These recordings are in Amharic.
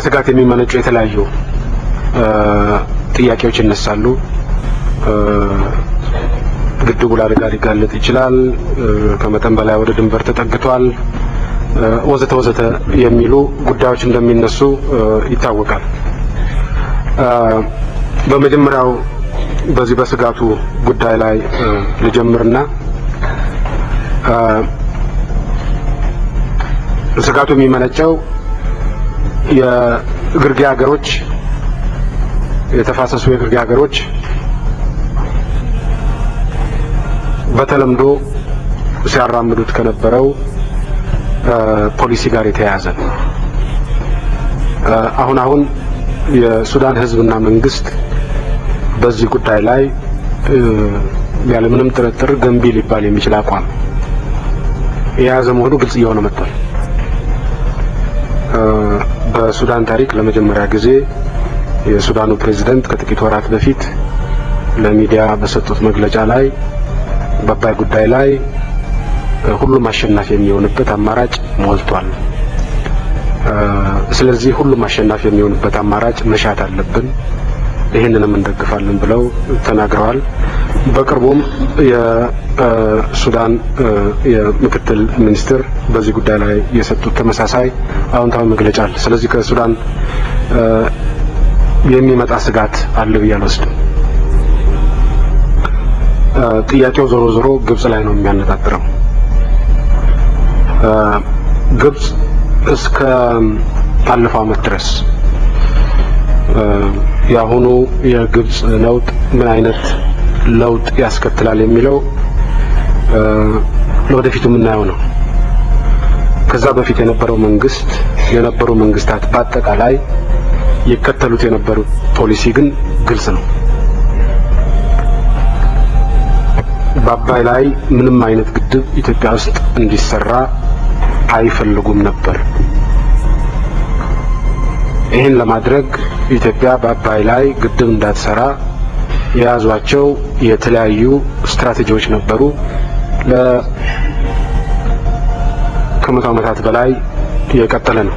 ከስጋት የሚመነጩ የተለያዩ ጥያቄዎች ይነሳሉ። ግድቡ ለአደጋ ሊጋለጥ ይችላል፣ ከመጠን በላይ ወደ ድንበር ተጠግቷል፣ ወዘተ ወዘተ የሚሉ ጉዳዮች እንደሚነሱ ይታወቃል። በመጀመሪያው በዚህ በስጋቱ ጉዳይ ላይ ልጀምርና ስጋቱ የሚመነጨው የግርጌ ሀገሮች የተፋሰሱ የግርጌ ሀገሮች በተለምዶ ሲያራምዱት ከነበረው ፖሊሲ ጋር የተያያዘ ነው። አሁን አሁን የሱዳን ህዝብና መንግስት በዚህ ጉዳይ ላይ ያለምንም ጥርጥር ገንቢ ሊባል የሚችል አቋም የያዘ መሆኑ ግልጽ እየሆነ መጥቷል። በሱዳን ታሪክ ለመጀመሪያ ጊዜ የሱዳኑ ፕሬዝዳንት ከጥቂት ወራት በፊት ለሚዲያ በሰጡት መግለጫ ላይ በአባይ ጉዳይ ላይ ሁሉም አሸናፊ የሚሆንበት አማራጭ ሞልቷል። ስለዚህ ሁሉም አሸናፊ የሚሆንበት አማራጭ መሻት አለብን። ይህንንም እንደግፋለን ብለው ተናግረዋል። በቅርቡም የሱዳን የምክትል ሚኒስትር በዚህ ጉዳይ ላይ የሰጡት ተመሳሳይ አዎንታዊ መግለጫ አለ። ስለዚህ ከሱዳን የሚመጣ ስጋት አለ ብዬ አልወስድም። ጥያቄው ዞሮ ዞሮ ግብጽ ላይ ነው የሚያነጣጥረው። ግብጽ እስከ ባለፈው ዓመት ድረስ የአሁኑ የግብጽ ለውጥ ምን አይነት ለውጥ ያስከትላል የሚለው ለወደፊቱ የምናየው ነው። ከዛ በፊት የነበረው መንግስት የነበሩ መንግስታት በአጠቃላይ ይከተሉት የነበሩ ፖሊሲ ግን ግልጽ ነው። በአባይ ላይ ምንም አይነት ግድብ ኢትዮጵያ ውስጥ እንዲሰራ አይፈልጉም ነበር። ይህን ለማድረግ ኢትዮጵያ በአባይ ላይ ግድብ እንዳትሰራ የያዟቸው የተለያዩ ስትራቴጂዎች ነበሩ። ከመቶ ዓመታት በላይ የቀጠለ ነው።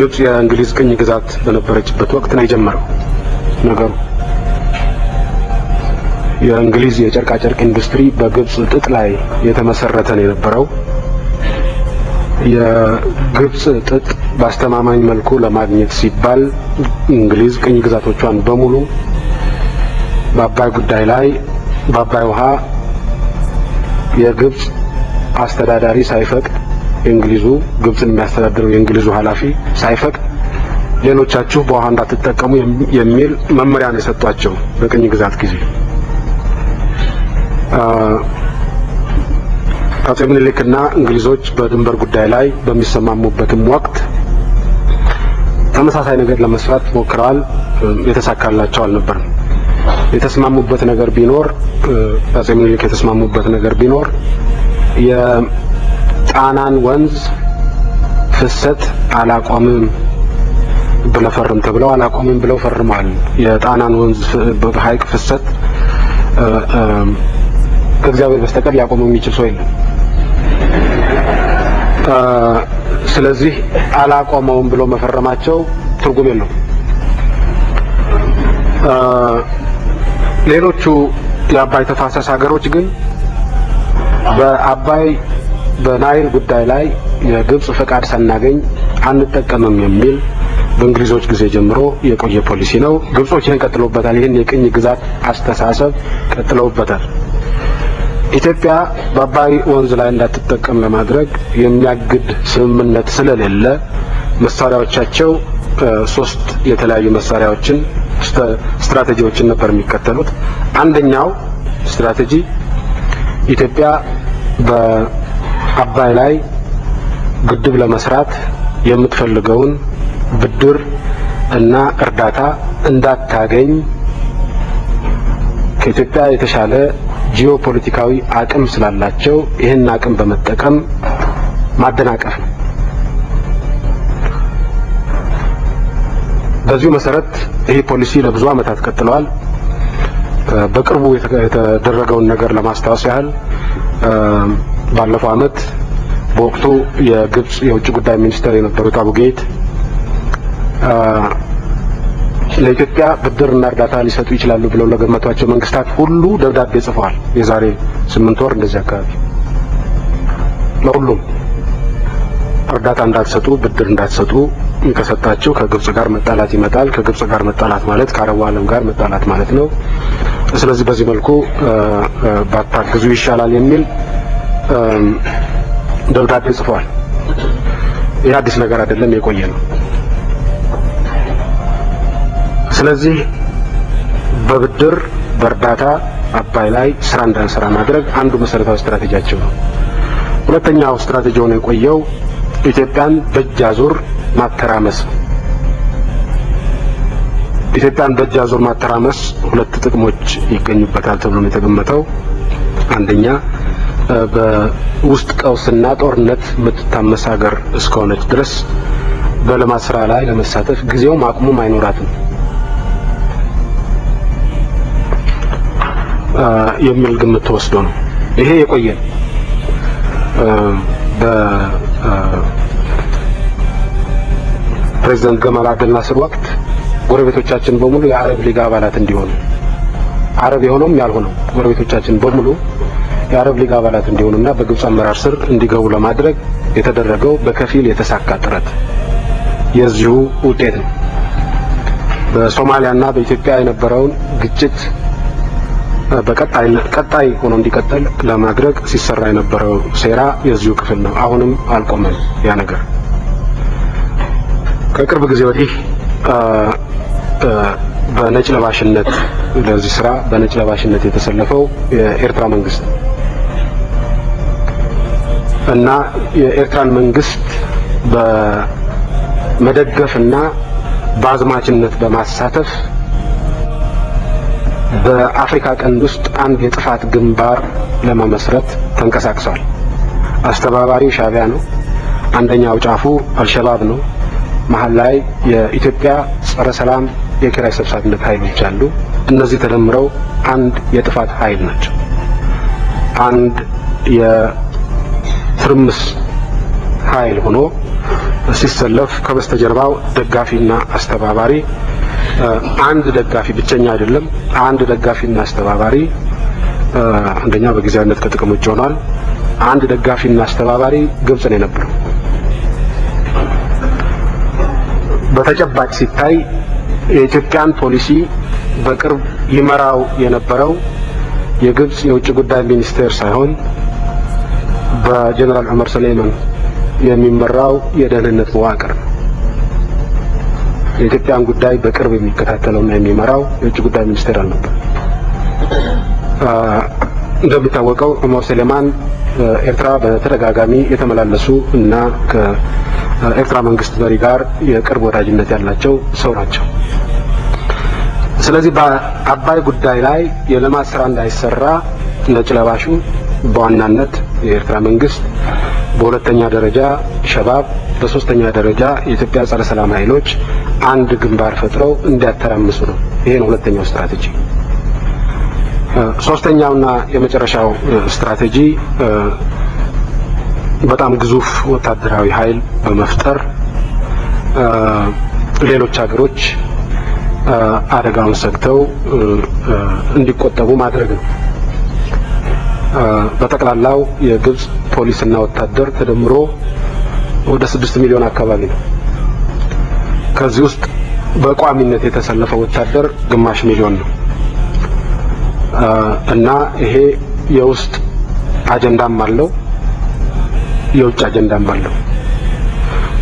ግብጽ የእንግሊዝ ቅኝ ግዛት በነበረችበት ወቅት ነው የጀመረው ነገሩ። የእንግሊዝ የጨርቃጨርቅ ኢንዱስትሪ በግብጽ ጥጥ ላይ የተመሰረተ ነው የነበረው። የግብጽ ጥጥ በአስተማማኝ መልኩ ለማግኘት ሲባል እንግሊዝ ቅኝ ግዛቶቿን በሙሉ በአባይ ጉዳይ ላይ በአባይ ውሃ የግብጽ አስተዳዳሪ ሳይፈቅድ የእንግሊዙ ግብጽን የሚያስተዳድረው የእንግሊዙ ኃላፊ ሳይፈቅድ ሌሎቻችሁ በውሃ እንዳትጠቀሙ የሚል መመሪያ ነው የሰጧቸው በቅኝ ግዛት ጊዜ አጼ ምኒልክና እንግሊዞች በድንበር ጉዳይ ላይ በሚሰማሙበትም ወቅት ተመሳሳይ ነገር ለመስራት ሞክረዋል። የተሳካላቸው አልነበርም። የተስማሙበት ነገር ቢኖር አጼ ምኒልክ የተስማሙበት ነገር ቢኖር የጣናን ወንዝ ፍሰት አላቆምም ብለህ ፈርም ተብለው አላቆምም ብለው ፈርመዋል። የጣናን ወንዝ ሀይቅ ፍሰት እግዚአብሔር በስተቀር ሊያቆመው የሚችል ሰው የለም። ስለዚህ አላቆመውም ብሎ መፈረማቸው ትርጉም የለው። ሌሎቹ የአባይ ተፋሰስ ሀገሮች ግን በአባይ በናይል ጉዳይ ላይ የግብጽ ፈቃድ ሳናገኝ አንጠቀምም የሚል በእንግሊዞች ጊዜ ጀምሮ የቆየ ፖሊሲ ነው። ግብጾች ይህን ቀጥለውበታል። ይህን የቅኝ ግዛት አስተሳሰብ ቀጥለውበታል። ኢትዮጵያ በአባይ ወንዝ ላይ እንዳትጠቀም ለማድረግ የሚያግድ ስምምነት ስለሌለ መሳሪያዎቻቸው ሶስት የተለያዩ መሳሪያዎችን ስትራቴጂዎችን ነበር የሚከተሉት። አንደኛው ስትራቴጂ ኢትዮጵያ በአባይ ላይ ግድብ ለመስራት የምትፈልገውን ብድር እና እርዳታ እንዳታገኝ ከኢትዮጵያ የተሻለ ጂኦፖለቲካዊ አቅም ስላላቸው ይህን አቅም በመጠቀም ማደናቀፍ ነው። በዚሁ መሰረት ይህ ፖሊሲ ለብዙ ዓመታት ቀጥለዋል። በቅርቡ የተደረገውን ነገር ለማስታወስ ያህል ባለፈው ዓመት በወቅቱ የግብጽ የውጭ ጉዳይ ሚኒስትር የነበሩት አቡጌይት ለኢትዮጵያ ብድርና እርዳታ ሊሰጡ ይችላሉ ብለው ለገመቷቸው መንግስታት ሁሉ ደብዳቤ ጽፈዋል። የዛሬ ስምንት ወር እንደዚህ አካባቢ ለሁሉም እርዳታ እንዳትሰጡ፣ ብድር እንዳትሰጡ ከሰጣችሁ ከግብጽ ጋር መጣላት ይመጣል። ከግብጽ ጋር መጣላት ማለት ከአረቡ ዓለም ጋር መጣላት ማለት ነው። ስለዚህ በዚህ መልኩ ባታግዙ ይሻላል የሚል ደብዳቤ ጽፏል። ይህ አዲስ ነገር አይደለም፣ የቆየ ነው። ስለዚህ በብድር በእርዳታ አባይ ላይ ስራ እንዳንሰራ ማድረግ አንዱ መሰረታዊ ስትራቴጂያቸው ነው። ሁለተኛው ስትራቴጂ ሆኖ የቆየው ኢትዮጵያን በእጅ አዙር ማተራመስ። ኢትዮጵያን በእጅ አዙር ማተራመስ ሁለት ጥቅሞች ይገኙበታል ተብሎ ነው የተገመተው። አንደኛ በውስጥ ቀውስና ጦርነት የምትታመስ ሀገር እስከሆነች ድረስ በልማት ስራ ላይ ለመሳተፍ ጊዜውም አቅሙም አይኖራትም። የሚል ግምት ተወስዶ ነው። ይሄ የቆየ በፕሬዚዳንት ገማል አብደልናስር ወቅት ጎረቤቶቻችን በሙሉ የአረብ ሊግ አባላት እንዲሆኑ አረብ የሆነውም ያልሆነው ጎረቤቶቻችን በሙሉ የአረብ ሊግ አባላት እንዲሆኑና በግብፅ አመራር ስር እንዲገቡ ለማድረግ የተደረገው በከፊል የተሳካ ጥረት የዚሁ ውጤት ነው። በሶማሊያና በኢትዮጵያ የነበረውን ግጭት በቀጣይ ቀጣይ ሆኖ እንዲቀጥል ለማድረግ ሲሰራ የነበረው ሴራ የዚሁ ክፍል ነው። አሁንም አልቆመም ያ ነገር። ከቅርብ ጊዜ ወዲህ በነጭ ለባሽነት ለዚህ ስራ በነጭ ለባሽነት የተሰለፈው የኤርትራ መንግስት እና የኤርትራን መንግስት በመደገፍና በአዝማችነት በማሳተፍ በአፍሪካ ቀንድ ውስጥ አንድ የጥፋት ግንባር ለመመስረት ተንቀሳቅሷል። አስተባባሪው ሻቢያ ነው። አንደኛው ጫፉ አልሸባብ ነው። መሀል ላይ የኢትዮጵያ ጸረ ሰላም የኪራይ ሰብሳቢነት ኃይሎች አሉ። እነዚህ ተደምረው አንድ የጥፋት ኃይል ናቸው። አንድ የትርምስ ኃይል ሆኖ ሲሰለፍ ከበስተጀርባው ደጋፊና አስተባባሪ አንድ ደጋፊ ብቸኛ አይደለም፣ አንድ ደጋፊና አስተባባሪ አንደኛ በጊዜያዊነት ከጥቅም ውጭ ሆኗል። አንድ ደጋፊና አስተባባሪ ግብጽ ነው የነበረው። በተጨባጭ ሲታይ የኢትዮጵያን ፖሊሲ በቅርብ ይመራው የነበረው የግብጽ የውጭ ጉዳይ ሚኒስቴር ሳይሆን በጀነራል ዑመር ሰለይማን የሚመራው የደህንነት መዋቅር ነው። የኢትዮጵያን ጉዳይ በቅርብ የሚከታተለውና የሚመራው የውጭ ጉዳይ ሚኒስቴር አልነበር። እንደሚታወቀው ኡመር ሱሌማን ኤርትራ በተደጋጋሚ የተመላለሱ እና ከኤርትራ መንግስት መሪ ጋር የቅርብ ወዳጅነት ያላቸው ሰው ናቸው። ስለዚህ በአባይ ጉዳይ ላይ የልማት ስራ እንዳይሰራ ነጭ ለባሹ በዋናነት የኤርትራ መንግስት በሁለተኛ ደረጃ ሸባብ፣ በሶስተኛ ደረጃ የኢትዮጵያ ጸረ ሰላም ኃይሎች አንድ ግንባር ፈጥረው እንዲያተራምሱ ነው። ይሄ ነው ሁለተኛው ስትራቴጂ። ሶስተኛውና የመጨረሻው ስትራቴጂ በጣም ግዙፍ ወታደራዊ ኃይል በመፍጠር ሌሎች ሀገሮች አደጋውን ሰግተው እንዲቆጠቡ ማድረግ ነው። በጠቅላላው የግብጽ ፖሊስና ወታደር ተደምሮ ወደ ስድስት ሚሊዮን አካባቢ ነው። ከዚህ ውስጥ በቋሚነት የተሰለፈው ወታደር ግማሽ ሚሊዮን ነው እና ይሄ የውስጥ አጀንዳም አለው፣ የውጭ አጀንዳም አለው።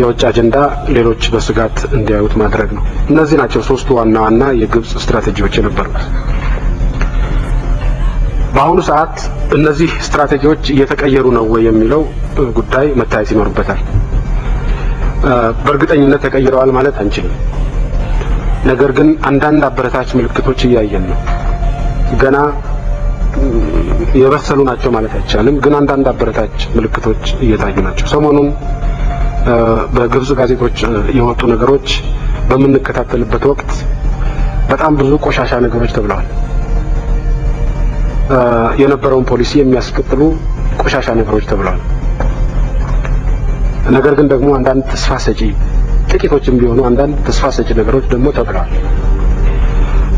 የውጭ አጀንዳ ሌሎች በስጋት እንዲያዩት ማድረግ ነው። እነዚህ ናቸው ሶስቱ ዋና ዋና የግብጽ ስትራቴጂዎች የነበሩት። በአሁኑ ሰዓት እነዚህ ስትራቴጂዎች እየተቀየሩ ነው ወይ የሚለው ጉዳይ መታየት ይኖርበታል። በእርግጠኝነት ተቀይረዋል ማለት አንችልም። ነገር ግን አንዳንድ አበረታች ምልክቶች እያየን ነው። ገና የበሰሉ ናቸው ማለት አይቻልም፣ ግን አንዳንድ አበረታች ምልክቶች እየታዩ ናቸው። ሰሞኑን በግብጽ ጋዜጦች የወጡ ነገሮች በምንከታተልበት ወቅት በጣም ብዙ ቆሻሻ ነገሮች ተብለዋል። የነበረውን ፖሊሲ የሚያስቀጥሉ ቆሻሻ ነገሮች ተብለዋል። ነገር ግን ደግሞ አንዳንድ ተስፋ ሰጪ ጥቂቶችም ቢሆኑ አንዳንድ ተስፋ ሰጪ ነገሮች ደግሞ ተብለዋል።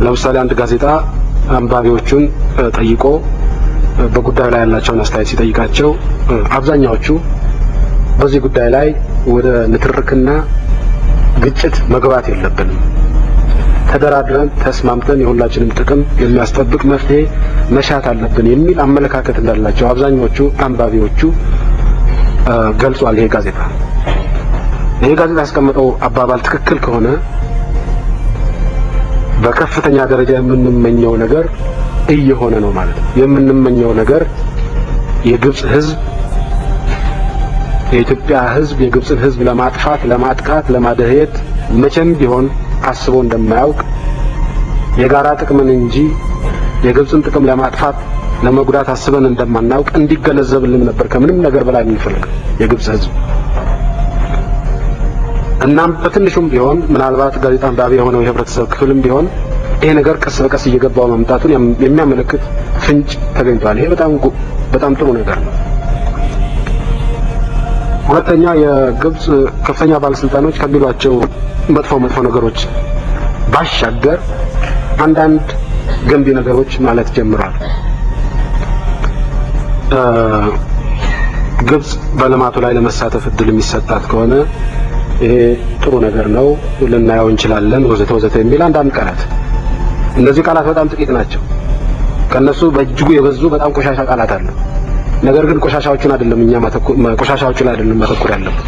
ለምሳሌ አንድ ጋዜጣ አንባቢዎቹን ጠይቆ በጉዳዩ ላይ ያላቸውን አስተያየት ሲጠይቃቸው አብዛኛዎቹ በዚህ ጉዳይ ላይ ወደ ንትርክና ግጭት መግባት የለብንም ተደራድረን ተስማምተን የሁላችንም ጥቅም የሚያስጠብቅ መፍትሄ መሻት አለብን የሚል አመለካከት እንዳላቸው አብዛኞቹ አንባቢዎቹ ገልጿል። ይሄ ጋዜጣ ይሄ ጋዜጣ ያስቀመጠው አባባል ትክክል ከሆነ በከፍተኛ ደረጃ የምንመኘው ነገር እየሆነ ነው ማለት ነው። የምንመኘው ነገር የግብጽ ህዝብ የኢትዮጵያ ህዝብ የግብጽን ህዝብ ለማጥፋት፣ ለማጥቃት፣ ለማደህየት መቼም ቢሆን አስቦ እንደማያውቅ የጋራ ጥቅምን እንጂ የግብፅን ጥቅም ለማጥፋት ለመጉዳት አስበን እንደማናውቅ እንዲገነዘብልን ነበር ከምንም ነገር በላይ የሚፈልግ የግብፅ ህዝብ እናም በትንሹም ቢሆን ምናልባት ጋዜጣ አንባቢ የሆነው የህብረተሰብ ክፍልም ቢሆን ይሄ ነገር ቀስ በቀስ እየገባው መምጣቱን የሚያመለክት ፍንጭ ተገኝቷል። ይሄ በጣም በጣም ጥሩ ነገር ነው። ሁለተኛ የግብፅ ከፍተኛ ባለስልጣኖች ከሚሏቸው መጥፎ መጥፎ ነገሮች ባሻገር አንዳንድ ገንቢ ነገሮች ማለት ጀምሯል። ግብጽ በልማቱ ላይ ለመሳተፍ እድል የሚሰጣት ከሆነ ይሄ ጥሩ ነገር ነው፣ ልናየው እንችላለን፣ ወዘተ ወዘተ የሚል አንዳንድ ቃላት። እነዚህ ቃላት በጣም ጥቂት ናቸው። ከነሱ በእጅጉ የበዙ በጣም ቆሻሻ ቃላት አሉ። ነገር ግን ቆሻሻዎቹን አይደለም እኛ ቆሻሻዎቹ ላይ አይደለም ማተኮር ያለብን፣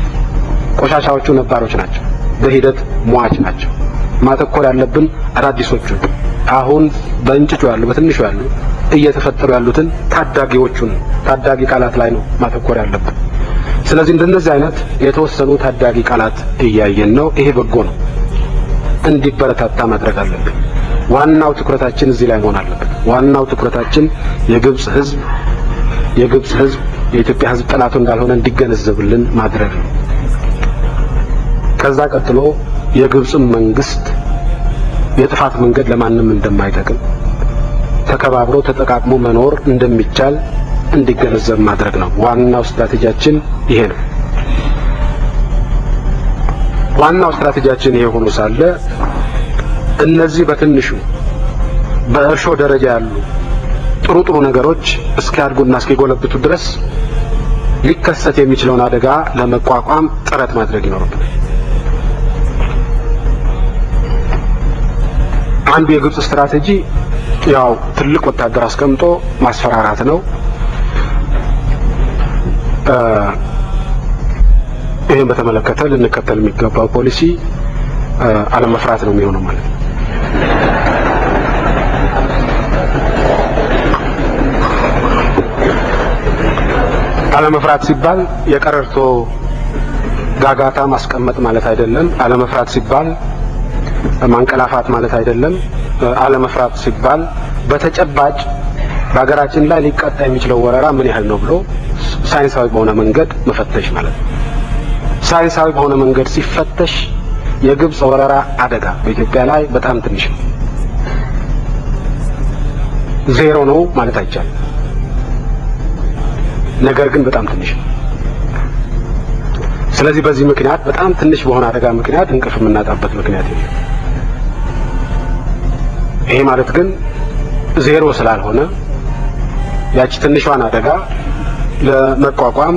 ቆሻሻዎቹ ነባሮች ናቸው። በሂደት ሟች ናቸው። ማተኮር ያለብን አዳዲሶቹ አሁን በእንጭጩ ያሉ በትንሹ ያሉ እየተፈጠሩ ያሉትን ታዳጊዎቹን ታዳጊ ቃላት ላይ ነው ማተኮር ያለብን። ስለዚህ እንደነዚህ አይነት የተወሰኑ ታዳጊ ቃላት እያየን ነው። ይሄ በጎ ነው፣ እንዲበረታታ ማድረግ አለብን። ዋናው ትኩረታችን እዚህ ላይ መሆን አለበት። ዋናው ትኩረታችን የግብጽ ህዝብ የግብጽ ህዝብ የኢትዮጵያ ህዝብ ጠላቱ እንዳልሆነ እንዲገነዘብልን ማድረግ ነው። ከዛ ቀጥሎ የግብፅን መንግስት የጥፋት መንገድ ለማንም እንደማይጠቅም ተከባብሮ ተጠቃቅሞ መኖር እንደሚቻል እንዲገነዘብ ማድረግ ነው። ዋናው ስትራቴጂያችን ይሄ ነው። ዋናው ስትራቴጂያችን ይሄ ሆኖ ሳለ እነዚህ በትንሹ በእርሾ ደረጃ ያሉ ጥሩ ጥሩ ነገሮች እስኪያድጉና እስኪጎለብቱ ድረስ ሊከሰት የሚችለውን አደጋ ለመቋቋም ጥረት ማድረግ ይኖርብናል። አንዱ የግብጽ ስትራቴጂ ያው ትልቅ ወታደር አስቀምጦ ማስፈራራት ነው። ይህን በተመለከተ ልንከተል የሚገባው ፖሊሲ አለመፍራት ነው የሚሆነው ማለት ነው። አለመፍራት ሲባል የቀረርቶ ጋጋታ ማስቀመጥ ማለት አይደለም። አለመፍራት ሲባል ማንቀላፋት ማለት አይደለም። አለመፍራት ሲባል በተጨባጭ በሀገራችን ላይ ሊቃጣ የሚችለው ወረራ ምን ያህል ነው ብሎ ሳይንሳዊ በሆነ መንገድ መፈተሽ ማለት ነው። ሳይንሳዊ በሆነ መንገድ ሲፈተሽ የግብፅ ወረራ አደጋ በኢትዮጵያ ላይ በጣም ትንሽ ነው፣ ዜሮ ነው ማለት አይቻልም። ነገር ግን በጣም ትንሽ ነው። ስለዚህ በዚህ ምክንያት በጣም ትንሽ በሆነ አደጋ ምክንያት እንቅልፍ የምናጣበት ምክንያት የለም። ይሄ ማለት ግን ዜሮ ስላልሆነ ያቺ ትንሿን አደጋ ለመቋቋም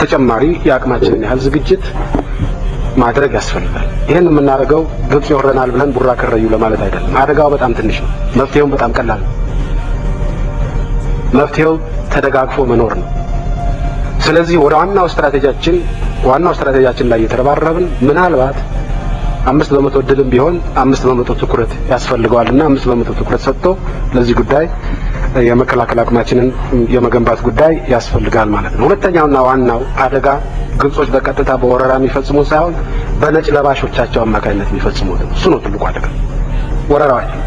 ተጨማሪ የአቅማችንን ያህል ዝግጅት ማድረግ ያስፈልጋል። ይህን የምናደርገው ግብጽ ይወረናል ብለን ቡራ ከረዩ ለማለት አይደለም። አደጋው በጣም ትንሽ ነው። መፍትሄውም በጣም ቀላል ነው። መፍትሄው ተደጋግፎ መኖር ነው። ስለዚህ ወደ ዋናው ስትራቴጂያችን ዋናው ስትራቴጂያችን ላይ እየተረባረብን ምናልባት አምስት በመቶ ድልም ቢሆን አምስት በመቶ ትኩረት ያስፈልገዋልና አምስት በመቶ ትኩረት ሰጥቶ ለዚህ ጉዳይ የመከላከል አቅማችንን የመገንባት ጉዳይ ያስፈልጋል ማለት ነው። ሁለተኛውና ዋናው አደጋ ግብጾች በቀጥታ በወረራ የሚፈጽሙት ሳይሆን በነጭ ለባሾቻቸው አማካኝነት የሚፈጽሙት እሱ ነው ትልቁ አደጋ ወረራዋቸው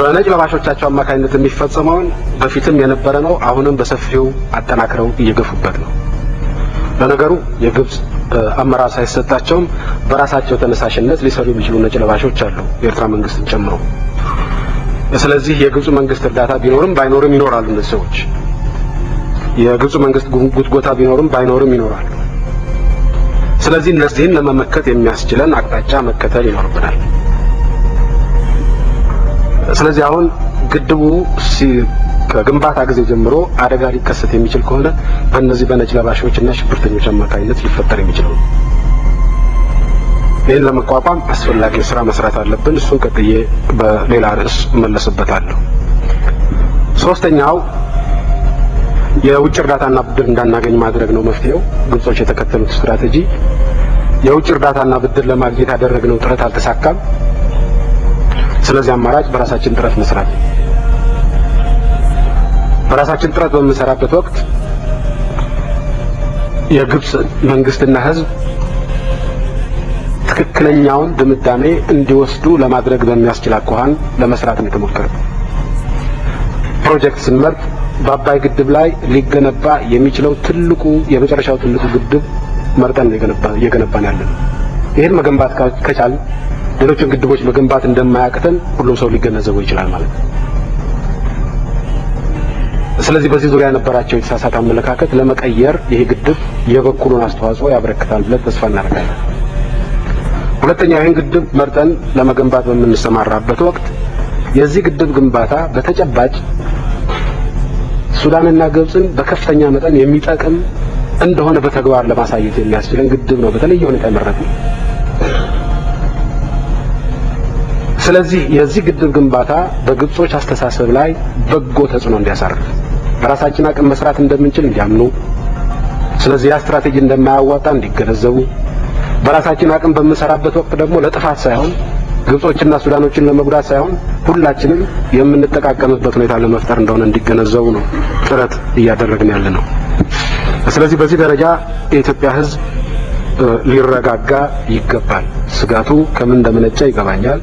በነጭ ለባሾቻቸው አማካኝነት የሚፈጸመውን በፊትም የነበረ ነው። አሁንም በሰፊው አጠናክረው እየገፉበት ነው። ለነገሩ የግብጽ አመራር ሳይሰጣቸውም በራሳቸው ተነሳሽነት ሊሰሩ የሚችሉ ነጭ ለባሾች አሉ፣ የኤርትራ መንግስትን ጨምሮ። ስለዚህ የግብጽ መንግስት እርዳታ ቢኖርም ባይኖርም ይኖራሉ እነዚህ ሰዎች። የግብጽ መንግስት ጉትጎታ ቢኖርም ባይኖርም ይኖራሉ። ስለዚህ እነዚህን ለመመከት የሚያስችለን አቅጣጫ መከተል ይኖርብናል። ስለዚህ አሁን ግድቡ ከግንባታ ጊዜ ጀምሮ አደጋ ሊከሰት የሚችል ከሆነ በእነዚህ በነጭ እና ሽብርተኞች አማካኝነት ሊፈጠር የሚችለው ነው። ይህን ለመቋቋም አስፈላጊ ስራ መስራት አለብን። እሱን ቀጥዬ በሌላ ርዕስ እመለስበታለሁ። ሶስተኛው የውጭ እርዳታና ብድር እንዳናገኝ ማድረግ ነው መፍትሄው። ግብጾች የተከተሉት ስትራቴጂ የውጭ እርዳታና ብድር ለማግኘት ያደረግነው ጥረት አልተሳካም። ስለዚህ አማራጭ በራሳችን ጥረት መስራት። በራሳችን ጥረት በምንሰራበት ወቅት የግብጽ መንግስትና ህዝብ ትክክለኛውን ድምዳሜ እንዲወስዱ ለማድረግ በሚያስችል አኳኋን ለመስራት እንደተሞከረ ፕሮጀክት ስንመርጥ በአባይ ግድብ ላይ ሊገነባ የሚችለው ትልቁ የመጨረሻው ትልቁ ግድብ መርጠን ነው የገነባን ያለን። ይህን መገንባት ከቻል ሌሎችን ግድቦች መገንባት እንደማያቅተን ሁሉም ሰው ሊገነዘበው ይችላል ማለት ነው። ስለዚህ በዚህ ዙሪያ የነበራቸው የተሳሳተ አመለካከት ለመቀየር ይሄ ግድብ የበኩሉን አስተዋጽኦ ያበረክታል ብለን ተስፋ እናደርጋለን። ሁለተኛ ይህን ግድብ መርጠን ለመገንባት በምንሰማራበት ወቅት የዚህ ግድብ ግንባታ በተጨባጭ ሱዳንና ግብፅን በከፍተኛ መጠን የሚጠቅም እንደሆነ በተግባር ለማሳየት የሚያስችለን ግድብ ነው በተለየ ሁኔታ ይመረጥ። ስለዚህ የዚህ ግድብ ግንባታ በግብጾች አስተሳሰብ ላይ በጎ ተጽዕኖ እንዲያሳርፍ በራሳችን አቅም መስራት እንደምንችል እንዲያምኑ፣ ስለዚህ ያ ስትራቴጂ እንደማያዋጣ እንዲገነዘቡ፣ በራሳችን አቅም በምንሰራበት ወቅት ደግሞ ለጥፋት ሳይሆን ግብጾችና ሱዳኖችን ለመጉዳት ሳይሆን ሁላችንም የምንጠቃቀምበት ሁኔታ ለመፍጠር እንደሆነ እንዲገነዘቡ ነው ጥረት እያደረግን ያለ ነው። ስለዚህ በዚህ ደረጃ የኢትዮጵያ ህዝብ ሊረጋጋ ይገባል። ስጋቱ ከምን እንደመነጨ ይገባኛል።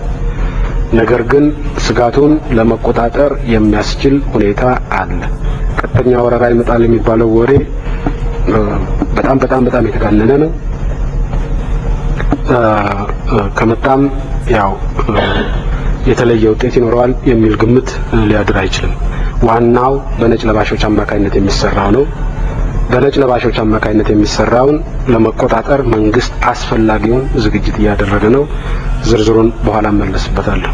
ነገር ግን ስጋቱን ለመቆጣጠር የሚያስችል ሁኔታ አለ። ቀጥተኛ ወረራ ይመጣል የሚባለው ወሬ በጣም በጣም በጣም የተጋነነ ነው። ከመጣም ያው የተለየ ውጤት ይኖረዋል የሚል ግምት ሊያድር አይችልም። ዋናው በነጭ ለባሾች አማካኝነት የሚሰራው ነው። በነጭ ለባሾች አማካኝነት የሚሰራውን ለመቆጣጠር መንግስት አስፈላጊውን ዝግጅት እያደረገ ነው። ዝርዝሩን በኋላ እመለስበታለሁ።